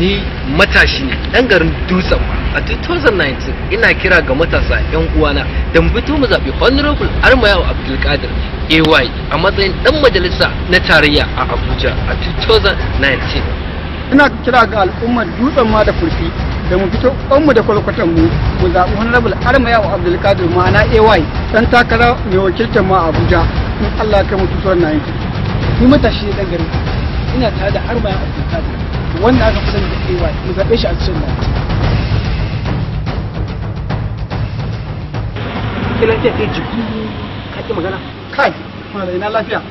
ni matashi ne dan garin dutsen a 2019 ina kira ga matasa yan uwana da mu fito mu zaɓi honorable armayawa abdulkadir ay a matsayin dan majalisa na tarayya a abuja a 2019 ina kira ga al'ummar dutsen ma da kurfi da mu fito mu da kwalkwatanmu mu mu zaɓi honorable armayawa abdulkadir ma'ana ay dan takara mai wakiltar ma abuja in allah kai mutu 2019 ni matashi ne dan garin ina tare da har bayan da wanda aka fi sani da ay mu zaɓe shi a cikin nan ke lafiya kai jiki ka ki magana kai malai na lafiya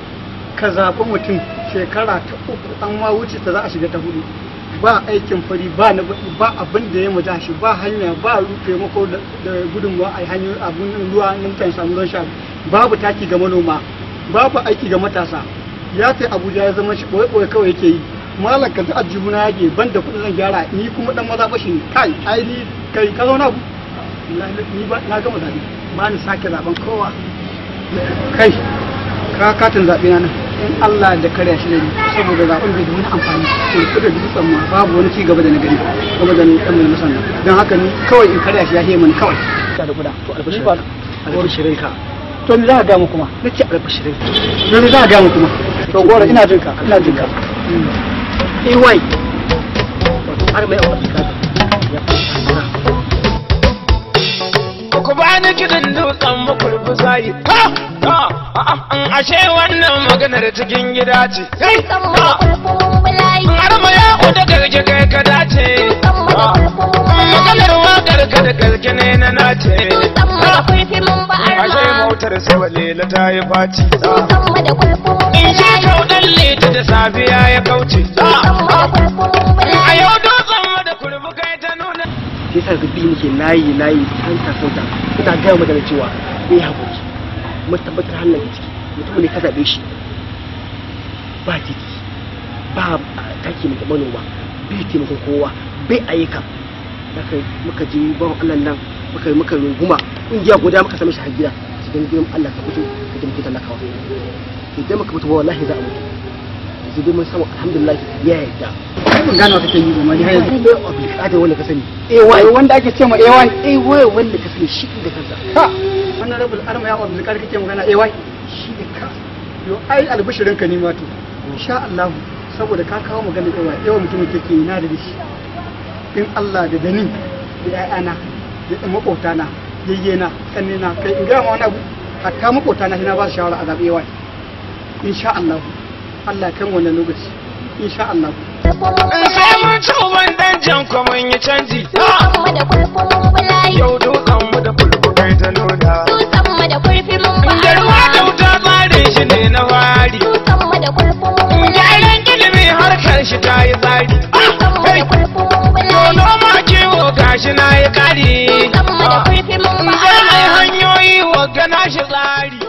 ka zaɓi mutum shekara ta uku an ma wuce ta za a shiga ta hudu ba aikin fari ba na ba abin da ya maja shi ba hanya ba mako da gudunmuwa a hanyar abin ruwa na kan samu ruwan sha babu taki ga manoma babu aiki ga matasa ya sai abuja ya zama shi koyo koyo kawai yake yi malam ka a yake ban da kuɗin zan gyara ni kuma dan maza bashi ne kai ai ni kai ka zauna ku ni ba na gama zaɓe ba ni sake zaɓen kowa kai ka katin zaɓe na nan in Allah da karya shi ne saboda zaɓen bai da wani amfani to da dubu tsamma babu wani ci gaba da nagari gani gaba da ɗan mai musamman Dan haka ni kawai in karya shi ya he mun kawai da kuɗa to albashirin ka to ni za ga mu kuma na ce albashirin ni me za ga mu kuma to gora ina jin ka ina jin ka iwai eh, har mai ku bani kidan dutsen makurbi zai an ashe wannan maganar cikin gida ce har ma da kai ka dace maganar wakar da garge ne na nace matar su balela ta yi faci in shi kau leta da safiya ya kauce a yau dutsen mu da kurmuka ta nuna ke sa zubi muke layi layi ta santa ina gaya mata da cewa ne haƙuri kuma tabbatar hannun ciki mutum ne ka zaɓe shi ba titi ba taki mai manoma bai taimakon kowa bai ayyuka muka je bawan allah nan muka yi muka runguma ƙungiya guda muka same shi har gida su don Allah ka fito ka talaka wa idan muka fito wallahi za a mutu yanzu dai mun samu alhamdulillah ya yarda mun gano ka sani ba ne hayar dole obligate wanda ka sani ay wanda ake cewa ay ay wanda ka sani shi da kansa ha wannan rabul arma ya obligate kake magana ay shi da ka yo ai albishirin ka ne ma to insha Allah saboda ka kawo magana ay ay mutum kake na da shi in Allah da dani da ayana da makotana yayyena na kai in gaya ma wani abu hatta makota na na ba su shawara a zaɓe wani insha Allah Allah kan wannan lokaci insha Allah in sai mun ci uban dan jan kuma mun yi canji yau dukan mu kare. Zama Zama hanyoyi wa gana shi